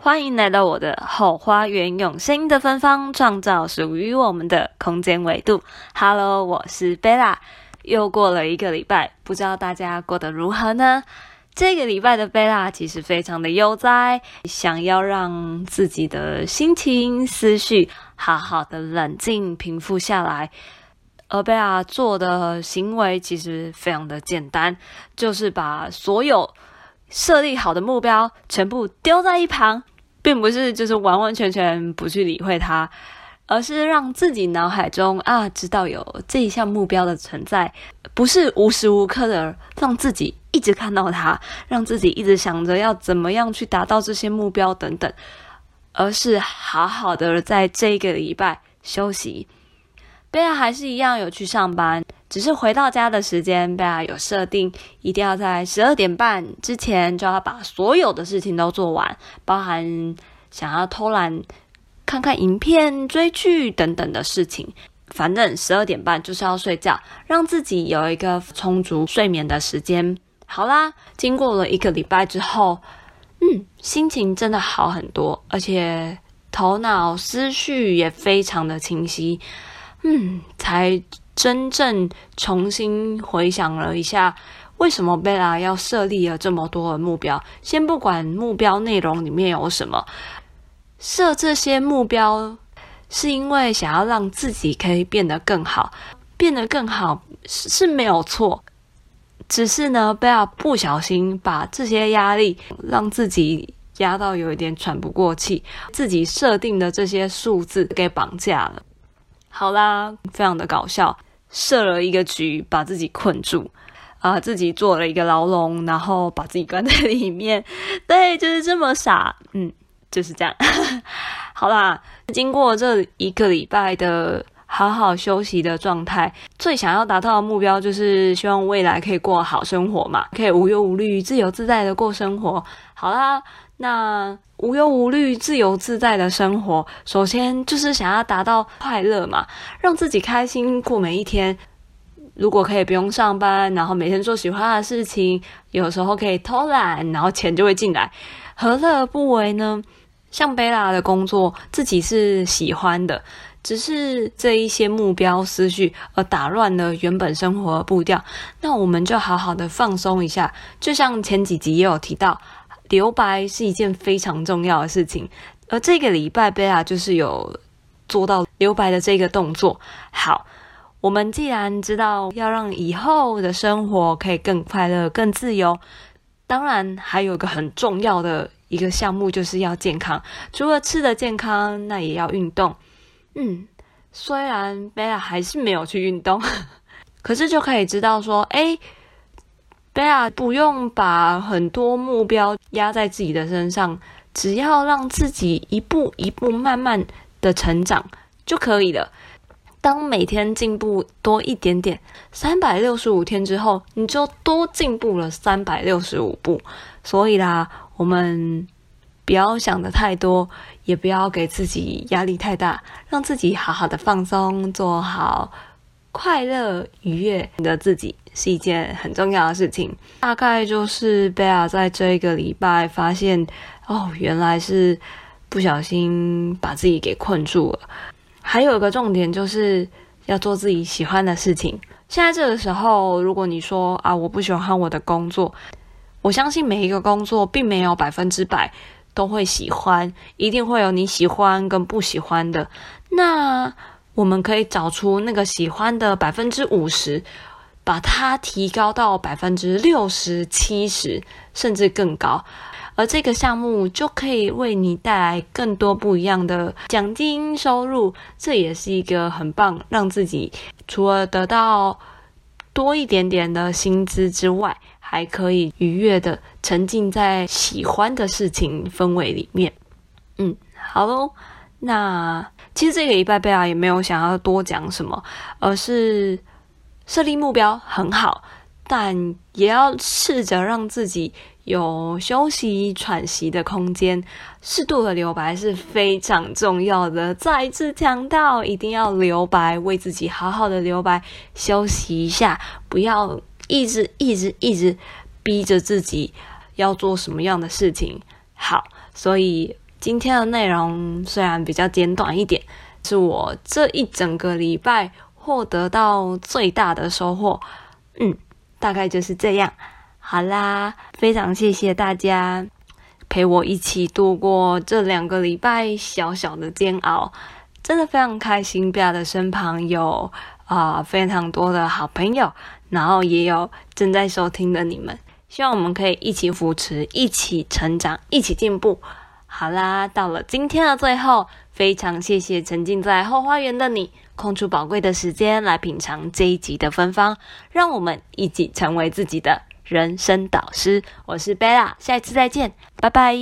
歡迎來到我的 Hoo 花園，用聲音的芬芳，創造屬於我們的空間維度。Hello，我是貝拉，又過了一個禮拜，不知道大家過得如何呢？這個禮拜的貝拉其實非常的悠哉，想要讓自己的心情思緒好好的冷靜平復下來。而貝拉做的行為其實非常的簡單，就是把所有設立好的目標，全部丟在一旁，並不是就是完完全全不去理會它，而是讓自己腦海中啊知道有這一項目標的存在，不是無時無刻的讓自己一直看到它，讓自己一直想着要怎麼樣去達到這些目標等等，而是好好的在這一個禮拜休息，Bella 還是一樣有去上班。只是回到家的時間 Bella 有設定，一定要在十二點半之前就要把所有的事情都做完，包含想要偷懶、看看影片、追劇等等的事情。反正十二點半就是要睡覺，讓自己有一個充足睡眠的時間。好啦，經過了一個禮拜之後，嗯，心情真的好很多，而且頭腦思緒也非常的清晰。嗯，才真正重新回想了一下，為什麼貝拉要設立了這麼多的目標？先不管目標內容裡面有什麼，設這些目標是因為想要讓自己可以變得更好，變得更好是是沒有錯，只是呢，貝拉不小心把這些壓力讓自己壓到有一點喘不過氣，自己設定的這些數字給綁架了。好啦，非常的搞笑，設了一個局把自己困住，啊、呃，自己做了一個牢籠，然後把自己關在裡面，對，就是這麼傻，嗯，就是這樣。 好啦，經過這一個禮拜的好好休息的狀態，最想要達到的目標就是希望未來可以過好生活嘛，可以無憂無慮、自由自在的過生活。好啦。那無憂無慮、自由自在的生活，首先就是想要達到快樂嘛，讓自己開心過每一天。如果可以不用上班，然後每天做喜歡的事情，有時候可以偷懶，然後錢就會進來，何樂而不為呢？像貝拉的工作，自己是喜歡的，只是這一些目標思緒而打亂了原本生活的步調。那我們就好好的放鬆一下，就像前幾集也有提到。留白是一件非常重要的事情，而這個禮拜貝拉就是有做到留白的這個動作。好，我們既然知道要讓以後的生活可以更快樂、更自由，當然還有一個很重要的一個項目就是要健康。除了吃的健康，那也要運動。嗯，雖然貝拉還是沒有去運動，可是就可以知道說，哎。對啊，不用把很多目標壓在自己的身上，只要讓自己一步一步慢慢的成長就可以了。當每天進步多一點點，三百六十五天之後，你就多進步了三百六十五步。所以啦，我們不要想得太多，也不要給自己壓力太大，讓自己好好的放鬆，做好快樂愉悅的自己。是一件很重要的事情。大概就是 Bella 在這個禮拜發現，哦，原來是不小心把自己給困住了。還有一個重點就是要做自己喜歡的事情。現在這個時候，如果你說啊，我不喜歡和我的工作，我相信每一個工作並沒有百分之百都會喜歡，一定會有你喜歡跟不喜歡的。那我們可以找出那個喜歡的百分之五十。把它提高到百分之六十、七十甚至更高，而這個項目就可以為你帶來更多不一樣的獎金收入，這也是一個很棒，讓自己除了得到多一點點的薪資之外，還可以愉悅的沉浸在喜歡的事情氛圍裡面。嗯，好嘍，那其實這個禮拜貝拉啊，也沒有想要多講什麼，而是。設立目標很好，但也要試着讓自己有休息喘息的空間。適度的留白是非常重要的。再一次強調，一定要留白，為自己好好的留白，休息一下，不要一直一直一直逼着自己要做什麼樣的事情。好，所以今天的內容雖然比較簡短一點，是我這一整個禮拜。獲得到最大的收穫，嗯，大概就是這樣。好啦，非常謝謝大家陪我一起度過這兩個禮拜小小的煎熬，真的非常開心，Bella 的身旁有啊、呃、非常多的好朋友，然後也有正在收聽的你們，希望我們可以一起扶持，一起成長，一起進步。好啦，到了今天的最後，非常謝謝沉浸在 Hoo 花園的你。空出寶貴的時間來品嘗這一集的芬芳，讓我們一起成為自己的人生導師。我是 Bella，下一次再見，拜拜。